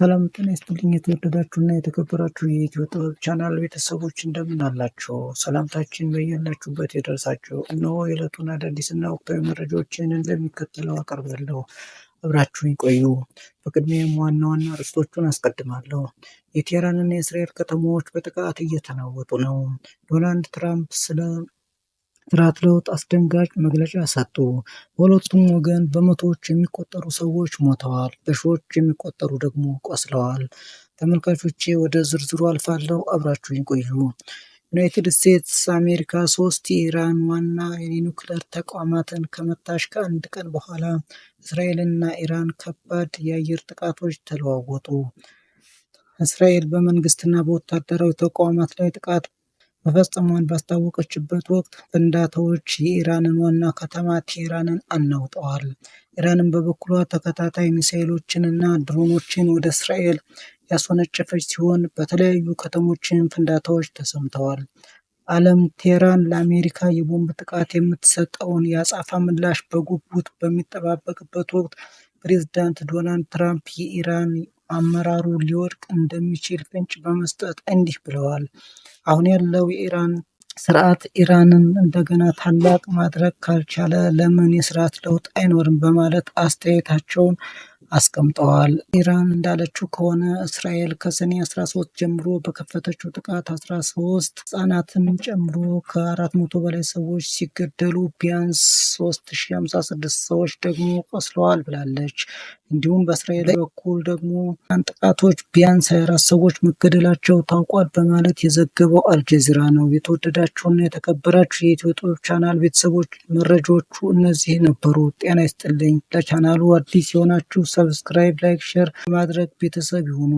ሰላም ጤና ይስጥልኝ የተወደዳችሁና የተከበራችሁ የኢትዮ ጥበብ ቻናል ቤተሰቦች እንደምን አላችሁ? ሰላምታችን በያላችሁበት የደርሳችሁ። እነሆ የዕለቱን አዳዲስና ወቅታዊ መረጃዎችን እንደሚከተለው አቀርባለሁ። አብራችሁን ቆዩ። በቅድሚያም ዋና ዋና ርዕሶቹን አስቀድማለሁ። የቴህራንና የእስራኤል ከተሞች በጥቃት እየተናወጡ ነው። ዶናልድ ትራምፕ ስለ የስርዓተ ለውጥ አስደንጋጭ መግለጫ ሰጡ። በሁለቱም ወገን በመቶዎች የሚቆጠሩ ሰዎች ሞተዋል፣ በሺዎች የሚቆጠሩ ደግሞ ቆስለዋል። ተመልካቾቼ ወደ ዝርዝሩ አልፋለሁ፣ አብራችሁ ይቆዩ። ዩናይትድ ስቴትስ አሜሪካ ሶስት የኢራን ዋና የኒውክለር ተቋማትን ከመታች ከአንድ ቀን በኋላ እስራኤልና ኢራን ከባድ የአየር ጥቃቶች ተለዋወጡ። እስራኤል በመንግስትና በወታደራዊ ተቋማት ላይ ጥቃት መፈጸሟን ባስታወቀችበት ወቅት ፍንዳታዎች የኢራንን ዋና ከተማ ቴህራንን አናውጠዋል። ኢራንን በበኩሏ ተከታታይ ና ድሮኖችን ወደ እስራኤል ያስወነጨፈች ሲሆን በተለያዩ ከተሞችን ፍንዳታዎች ተሰምተዋል። ዓለም ቴህራን ለአሜሪካ የቦምብ ጥቃት የምትሰጠውን የአጻፋ ምላሽ በጉጉት በሚጠባበቅበት ወቅት ፕሬዝዳንት ዶናልድ ትራምፕ የኢራን አመራሩ ሊወድቅ እንደሚችል ፍንጭ በመስጠት እንዲህ ብለዋል አሁን ያለው የኢራን ስርዓት ኢራንን እንደገና ታላቅ ማድረግ ካልቻለ ለምን የስርዓት ለውጥ አይኖርም በማለት አስተያየታቸውን አስቀምጠዋል። ኢራን እንዳለችው ከሆነ እስራኤል ከሰኔ 13 ጀምሮ በከፈተችው ጥቃት 13 ህጻናትን ጨምሮ ከ400 በላይ ሰዎች ሲገደሉ ቢያንስ 3056 ሰዎች ደግሞ ቆስለዋል ብላለች። እንዲሁም በእስራኤል በኩል ደግሞ ጥቃቶች ቢያንስ 24 ሰዎች መገደላቸው ታውቋል በማለት የዘገበው አልጀዚራ ነው። የተወደዳችሁና የተከበራችሁ የኢትዮጵያ ቻናል ቤተሰቦች መረጃዎቹ እነዚህ ነበሩ። ጤና ይስጥልኝ። ለቻናሉ አዲስ የሆናችሁ ሰብስክራይብ፣ ላይክ፣ ሼር በማድረግ ቤተሰብ ይሁኑ።